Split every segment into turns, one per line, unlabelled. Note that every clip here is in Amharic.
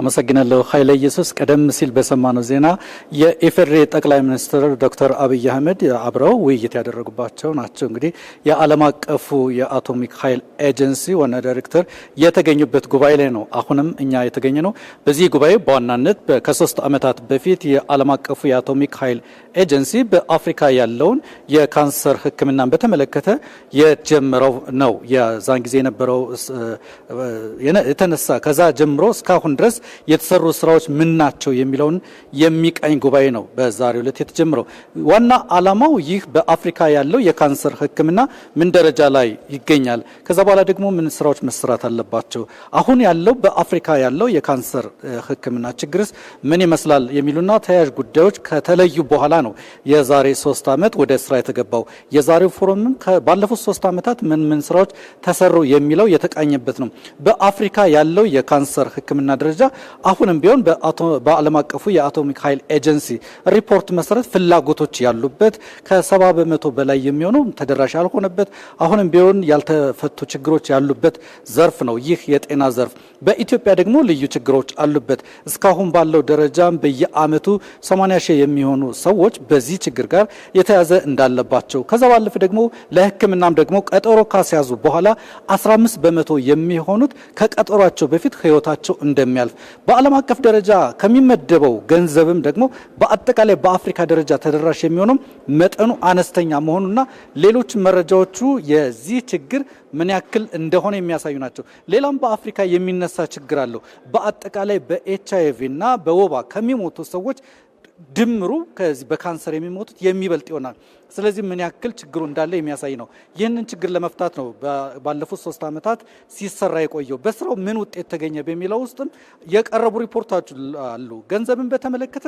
አመሰግናለሁ ኃይለ ኢየሱስ። ቀደም ሲል በሰማነው ዜና የኢፌዴሪ ጠቅላይ ሚኒስትር ዶክተር አብይ አህመድ አብረው ውይይት ያደረጉባቸው ናቸው። እንግዲህ የዓለም አቀፉ የአቶሚክ ኃይል ኤጀንሲ ዋና ዳይሬክተር የተገኙበት ጉባኤ ላይ ነው አሁንም እኛ የተገኘ ነው። በዚህ ጉባኤ በዋናነት ከሶስት ዓመታት በፊት የዓለም አቀፉ የአቶሚክ ኃይል ኤጀንሲ በአፍሪካ ያለውን የካንሰር ሕክምናን በተመለከተ የጀመረው ነው የዛን ጊዜ የነበረው የተነሳ ከዛ ጀምሮ እስካሁን ድረስ የተሰሩ ስራዎች ምን ናቸው የሚለውን የሚቀኝ ጉባኤ ነው በዛሬው ዕለት የተጀመረው። ዋና አላማው ይህ በአፍሪካ ያለው የካንሰር ሕክምና ምን ደረጃ ላይ ይገኛል፣ ከዛ በኋላ ደግሞ ምን ስራዎች መሰራት አለባቸው፣ አሁን ያለው በአፍሪካ ያለው የካንሰር ሕክምና ችግርስ ምን ይመስላል የሚሉና ተያያዥ ጉዳዮች ከተለዩ በኋላ ነው የዛሬ ሶስት ዓመት ወደ ስራ የተገባው። የዛሬው ፎረምም ባለፉት ሶስት ዓመታት ምን ምን ስራዎች ተሰሩ የሚለው የተቃኘበት ነው። በአፍሪካ ያለው የካንሰር ህክምና ደረጃ አሁንም ቢሆን በዓለም አቀፉ የአቶሚክ ኃይል ኤጀንሲ ሪፖርት መሰረት ፍላጎቶች ያሉበት ከሰባ በመቶ በላይ የሚሆኑ ተደራሽ ያልሆነበት አሁንም ቢሆን ያልተፈቱ ችግሮች ያሉበት ዘርፍ ነው ይህ የጤና ዘርፍ። በኢትዮጵያ ደግሞ ልዩ ችግሮች አሉበት። እስካሁን ባለው ደረጃ በየአመቱ 80 ሺህ የሚሆኑ ሰዎች በዚህ ችግር ጋር የተያዘ እንዳለባቸው ከዛ ባለፈ ደግሞ ለሕክምናም ደግሞ ቀጠሮ ካስያዙ በኋላ 15 በመቶ የሚሆኑት ከቀጠሯቸው በፊት ሕይወታቸው እንደሚያልፍ በዓለም አቀፍ ደረጃ ከሚመደበው ገንዘብም ደግሞ በአጠቃላይ በአፍሪካ ደረጃ ተደራሽ የሚሆነው መጠኑ አነስተኛ መሆኑና ሌሎች መረጃዎቹ የዚህ ችግር ምን ያክል እንደሆነ የሚያሳዩ ናቸው። ሌላም በአፍሪካ የሚነሳ ችግር አለው። በአጠቃላይ በኤች አይ ቪ እና በወባ ከሚሞቱ ሰዎች ድምሩ ከዚህ በካንሰር የሚሞቱት የሚበልጥ ይሆናል። ስለዚህ ምን ያክል ችግሩ እንዳለ የሚያሳይ ነው። ይህንን ችግር ለመፍታት ነው ባለፉት ሶስት ዓመታት ሲሰራ የቆየው። በስራው ምን ውጤት ተገኘ በሚለው ውስጥም የቀረቡ ሪፖርቶች አሉ። ገንዘብን በተመለከተ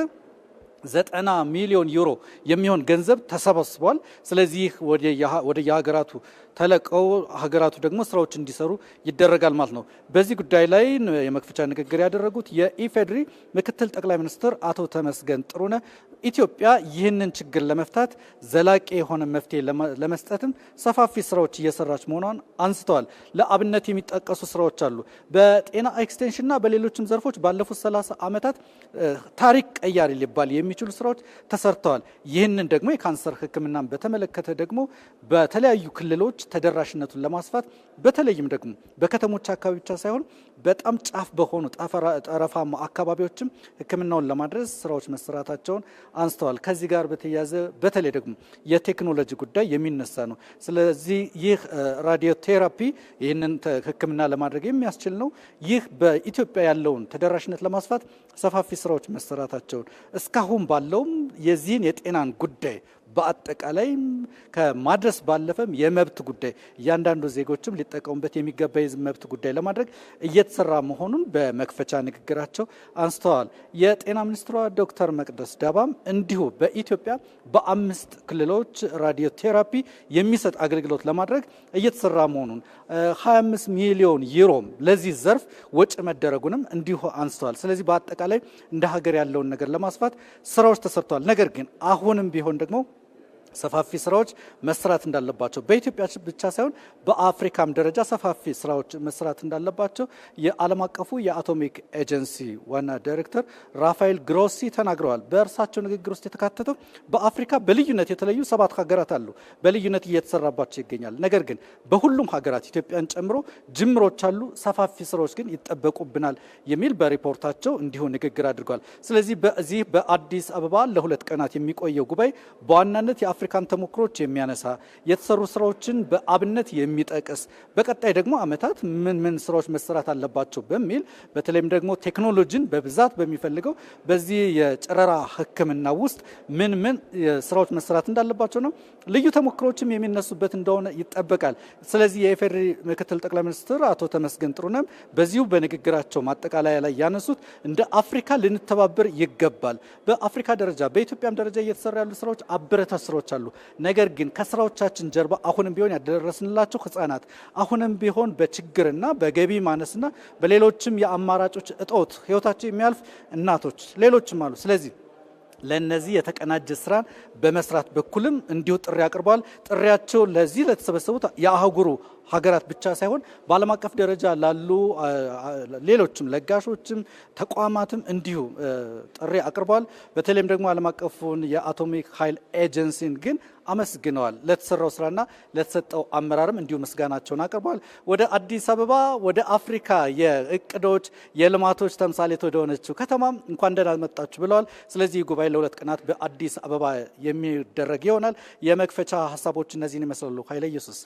ዘጠና ሚሊዮን ዩሮ የሚሆን ገንዘብ ተሰበስቧል። ስለዚህ ወደ የሀገራቱ ተለቀው ሀገራቱ ደግሞ ስራዎች እንዲሰሩ ይደረጋል ማለት ነው። በዚህ ጉዳይ ላይ የመክፈቻ ንግግር ያደረጉት የኢፌዴሪ ምክትል ጠቅላይ ሚኒስትር አቶ ተመስገን ጥሩነህ ኢትዮጵያ ይህንን ችግር ለመፍታት ዘላቂ የሆነ መፍትሄ ለመስጠትም ሰፋፊ ስራዎች እየሰራች መሆኗን አንስተዋል። ለአብነት የሚጠቀሱ ስራዎች አሉ። በጤና ኤክስቴንሽንና በሌሎችም ዘርፎች ባለፉት ሰላሳ ዓመታት ታሪክ ቀያሪ ሊባል የሚችሉ ስራዎች ተሰርተዋል። ይህንን ደግሞ የካንሰር ሕክምናን በተመለከተ ደግሞ በተለያዩ ክልሎች ተደራሽነቱን ለማስፋት በተለይም ደግሞ በከተሞች አካባቢ ብቻ ሳይሆን በጣም ጫፍ በሆኑ ጠረፋማ አካባቢዎችም ሕክምናውን ለማድረስ ስራዎች መሰራታቸውን አንስተዋል። ከዚህ ጋር በተያያዘ በተለይ ደግሞ የቴክኖሎጂ ጉዳይ የሚነሳ ነው። ስለዚህ ይህ ራዲዮ ቴራፒ ይህንን ሕክምና ለማድረግ የሚያስችል ነው። ይህ በኢትዮጵያ ያለውን ተደራሽነት ለማስፋት ሰፋፊ ስራዎች መሰራታቸውን እስካሁን ባለውም የዚህን የጤናን ጉዳይ በአጠቃላይ ከማድረስ ባለፈም የመብት ጉዳይ እያንዳንዱ ዜጎችም ሊጠቀሙበት የሚገባ የህዝብ መብት ጉዳይ ለማድረግ እየተሰራ መሆኑን በመክፈቻ ንግግራቸው አንስተዋል። የጤና ሚኒስትሯ ዶክተር መቅደስ ዳባም እንዲሁ በኢትዮጵያ በአምስት ክልሎች ራዲዮ ቴራፒ የሚሰጥ አገልግሎት ለማድረግ እየተሰራ መሆኑን 25 ሚሊዮን ዩሮም ለዚህ ዘርፍ ወጪ መደረጉንም እንዲሁ አንስተዋል። ስለዚህ በአጠቃላይ እንደ ሀገር ያለውን ነገር ለማስፋት ስራዎች ተሰርተዋል። ነገር ግን አሁንም ቢሆን ደግሞ ሰፋፊ ስራዎች መስራት እንዳለባቸው በኢትዮጵያ ብቻ ሳይሆን በአፍሪካም ደረጃ ሰፋፊ ስራዎች መስራት እንዳለባቸው የዓለም አቀፉ የአቶሚክ ኤጀንሲ ዋና ዳይሬክተር ራፋኤል ግሮሲ ተናግረዋል። በእርሳቸው ንግግር ውስጥ የተካተተው በአፍሪካ በልዩነት የተለዩ ሰባት ሀገራት አሉ። በልዩነት እየተሰራባቸው ይገኛል። ነገር ግን በሁሉም ሀገራት ኢትዮጵያን ጨምሮ ጅምሮች አሉ። ሰፋፊ ስራዎች ግን ይጠበቁብናል የሚል በሪፖርታቸው እንዲሁ ንግግር አድርጓል። ስለዚህ በዚህ በአዲስ አበባ ለሁለት ቀናት የሚቆየው ጉባኤ በዋናነት የአፍሪካን ተሞክሮች የሚያነሳ የተሰሩ ስራዎችን በአብነት የሚጠቅስ በቀጣይ ደግሞ አመታት ምን ምን ስራዎች መሰራት አለባቸው በሚል በተለይም ደግሞ ቴክኖሎጂን በብዛት በሚፈልገው በዚህ የጨረራ ሕክምና ውስጥ ምን ምን ስራዎች መሰራት እንዳለባቸው ነው። ልዩ ተሞክሮችም የሚነሱበት እንደሆነ ይጠበቃል። ስለዚህ የኢፌዴሪ ምክትል ጠቅላይ ሚኒስትር አቶ ተመስገን ጥሩነህም በዚሁ በንግግራቸው ማጠቃለያ ላይ ያነሱት እንደ አፍሪካ ልንተባበር ይገባል። በአፍሪካ ደረጃ በኢትዮጵያም ደረጃ እየተሰራ ያሉ ስራዎች አበረታች ስራዎች አሉ። ነገር ግን ከስራዎቻችን ጀርባ አሁንም ቢሆን ያደረስንላቸው ህጻናት አሁንም ቢሆን በችግርና በገቢ ማነስና በሌሎችም የአማራጮች እጦት ህይወታቸው የሚያልፍ እናቶች ሌሎችም አሉ። ስለዚህ ለእነዚህ የተቀናጀ ስራን በመስራት በኩልም እንዲሁ ጥሪ አቅርበዋል። ጥሪያቸው ለዚህ ለተሰበሰቡት የአህጉሩ ሀገራት ብቻ ሳይሆን በዓለም አቀፍ ደረጃ ላሉ ሌሎችም ለጋሾችም ተቋማትም እንዲሁ ጥሪ አቅርበዋል። በተለይም ደግሞ ዓለም አቀፉን የአቶሚክ ኃይል ኤጀንሲን ግን አመስግነዋል። ለተሰራው ስራና ለተሰጠው አመራርም እንዲሁ ምስጋናቸውን አቅርበዋል። ወደ አዲስ አበባ ወደ አፍሪካ የእቅዶች የልማቶች ተምሳሌት ወደሆነችው ከተማም እንኳን ደህና መጣችሁ ብለዋል። ስለዚህ ጉባኤ ለሁለት ቀናት በአዲስ አበባ የሚደረግ ይሆናል። የመክፈቻ ሀሳቦች እነዚህን ይመስላሉ። ኃይለ ኢየሱስ